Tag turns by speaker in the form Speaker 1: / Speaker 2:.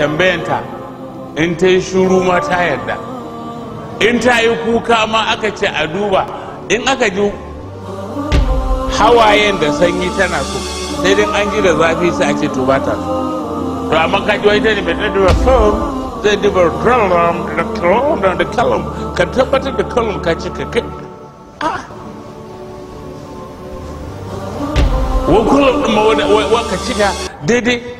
Speaker 1: tambayanta in ta yi shuru ma ta yarda in ta yi kuka ma aka ce a duba in aka ji hawayen da sanyi tana so sai dai an ji da zafi sai a ce to ba ta so to amma ka ji wata ne mai duba film zai duba drum da column da column ka tabbatar da column ka ce ka kai
Speaker 2: ah!
Speaker 3: wa column ɗin ma waka cika daidai